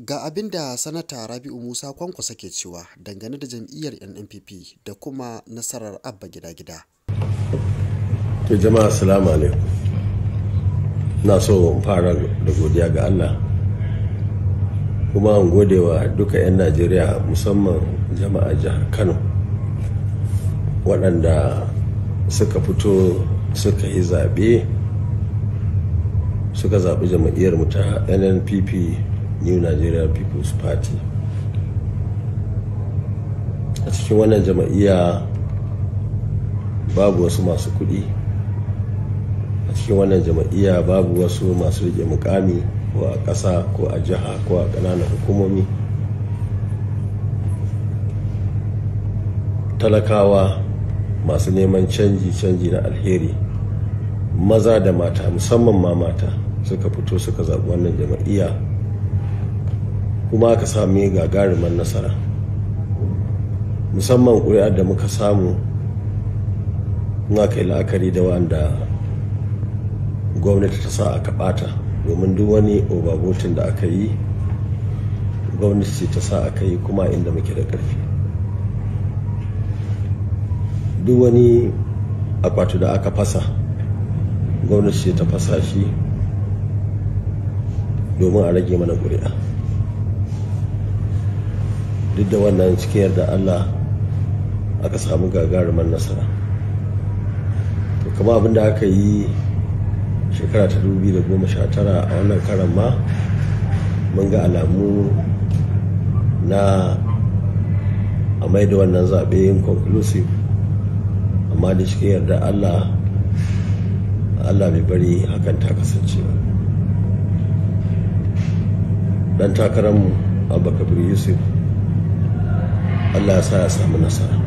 Ga abin da Sanata Rabi'u Musa Kwankwasa ke cewa dangane da jam'iyyar NNPP da kuma nasarar Abba Gida-gida. To jama'a assalamu alaikum. na so in fara da godiya ga Allah. Kuma in gode wa duka 'yan Najeriya musamman jama'a jihar Kano waɗanda suka fito suka yi zaɓe suka zaɓi jam'iyyar mu ta NNPP new nigerian people's party a cikin wannan jama'iyya babu wasu masu kuɗi a cikin wannan jama'iyya babu wasu masu rike mukami ko a ƙasa ko a jiha ko a ƙananan hukumomi talakawa masu neman canji canji na alheri maza da mata musamman ma mata suka fito suka zaɓi wannan jama'iyya kuma aka sami gagarumar nasara musamman ƙuri'ar da muka samu na kai la'akari da wanda gwamnati ta sa aka ɓata domin duk wani obabotin da aka yi gwamnati ta sa aka yi kuma inda muke da ƙarfi duk wani akwatu da aka fasa gwamnati ce ta fasa shi domin a rage mana ƙuri'a duk da wannan cikiyar da allah aka samu gagarumar nasara to kuma abin da aka yi shekara ta 2019 a wannan karan ma mun ga alamu na a mai da wannan zaɓe yin conclusive amma da cikin yarda allah allah bai bari hakan ta kasance ba dan takararmu abubakar yusuf allah sa ya samu nasara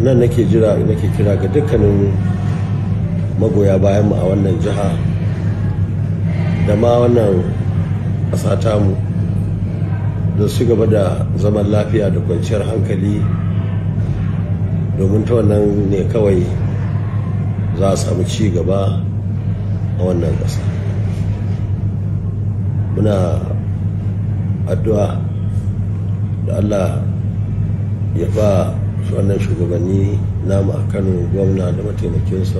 nan nake jira nake kira ga dukkanin magoya bayan mu a wannan jiha da ma wannan ƙasa tamu da su gaba da zaman lafiya da kwanciyar hankali domin ta wannan ne kawai za a samu ci gaba a wannan ƙasa muna addu'a da allah ya ba wannan shugabanni namu a kano gwamna da mataimakinsa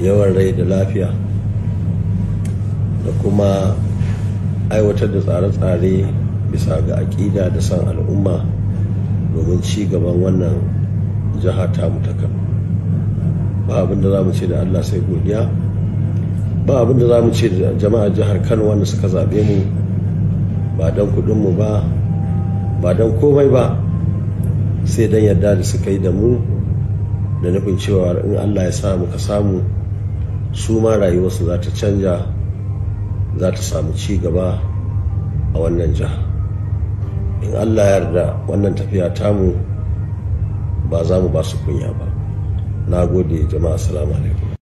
yawan rai da lafiya da kuma aiwatar da tsare-tsare bisa ga aƙida da san al'umma domin ci gaban wannan jiha ta kano ba abin da za mu ce da allah sai godiya ba abin da za mu ce da jama'ar jihar kano wanda suka zaɓe mu ba don kuɗinmu ba ba don komai ba sai don yadda da suka yi da mu da nufin cewa in allah ya samu ka samu su ma rayuwarsu za ta canja za ta samu ci gaba a wannan jiha in allah ya yarda wannan tafiya tamu ba za mu ba su kunya ba na gode jama'a salamu alaikum